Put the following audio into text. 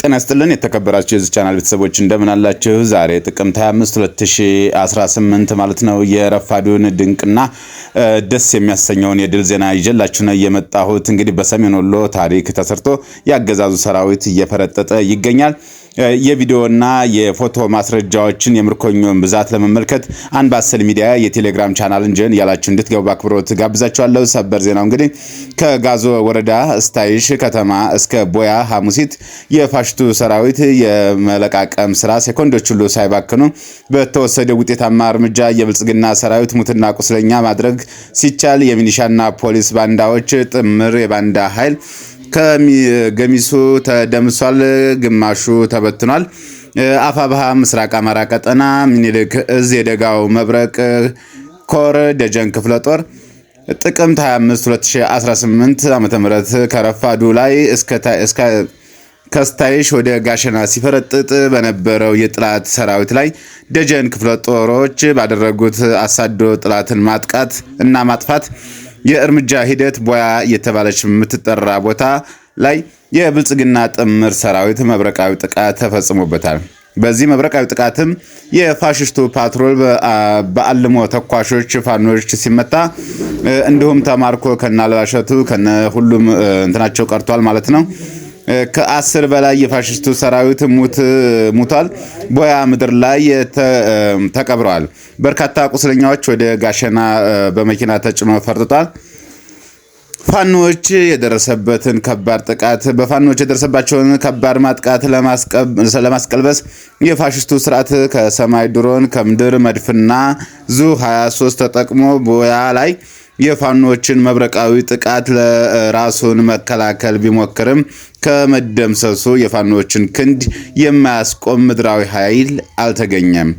ጤና ይስጥልን የተከበራችሁ የዚህ ቻናል ቤተሰቦች እንደምን አላችሁ? ዛሬ ጥቅምት 25 2018 ማለት ነው የረፋዱን ድንቅና ደስ የሚያሰኘውን የድል ዜና ይዤላችሁ ነው የመጣሁት። እንግዲህ በሰሜን ወሎ ታሪክ ተሰርቶ የአገዛዙ ሰራዊት እየፈረጠጠ ይገኛል። የቪዲዮና የፎቶ ማስረጃዎችን የምርኮኞን ብዛት ለመመልከት አንባሰል ሚዲያ የቴሌግራም ቻናልን ጀን ያላችሁ እንድትገቡ በአክብሮት ጋብዛችኋለሁ። ሰበር ዜናው እንግዲህ ከጋዞ ወረዳ ስታይሽ ከተማ እስከ ቦያ ሐሙሲት የፋሽቱ ሰራዊት የመለቃቀም ስራ ሴኮንዶች ሁሉ ሳይባክኑ በተወሰደ ውጤታማ እርምጃ የብልጽግና ሰራዊት ሙትና ቁስለኛ ማድረግ ሲቻል የሚኒሻና ፖሊስ ባንዳዎች ጥምር የባንዳ ኃይል ከገሚሱ ተደምሷል፣ ግማሹ ተበትኗል። አፋብሃ ምስራቅ አማራ ቀጠና ሚኒልክ እዝ የደጋው መብረቅ ኮር ደጀን ክፍለ ጦር ጥቅምት 25 2018 ዓ ም ከረፋዱ ላይ ከስታይሽ ወደ ጋሸና ሲፈረጥጥ በነበረው የጥላት ሰራዊት ላይ ደጀን ክፍለ ጦሮች ባደረጉት አሳዶ ጥላትን ማጥቃት እና ማጥፋት የእርምጃ ሂደት ቦያ የተባለች የምትጠራ ቦታ ላይ የብልጽግና ጥምር ሰራዊት መብረቃዊ ጥቃት ተፈጽሞበታል። በዚህ መብረቃዊ ጥቃትም የፋሽስቱ ፓትሮል በአልሞ ተኳሾች ፋኖች ሲመታ፣ እንዲሁም ተማርኮ ከነ አልባሸቱ ከነ ሁሉም እንትናቸው ቀርቷል ማለት ነው። ከአስር በላይ የፋሽስቱ ሰራዊት ሙቷል፣ ቦያ ምድር ላይ ተቀብረዋል። በርካታ ቁስለኛዎች ወደ ጋሸና በመኪና ተጭኖ ፈርጥጧል። ፋኖች የደረሰበትን ከባድ ጥቃት በፋኖች የደረሰባቸውን ከባድ ማጥቃት ለማስቀልበስ የፋሽስቱ ስርዓት ከሰማይ ድሮን ከምድር መድፍና ዙ 23 ተጠቅሞ ቦያ ላይ የፋኖችን መብረቃዊ ጥቃት ለራሱን መከላከል ቢሞክርም ከመደምሰሱ የፋኖችን ክንድ የማያስቆም ምድራዊ ኃይል አልተገኘም።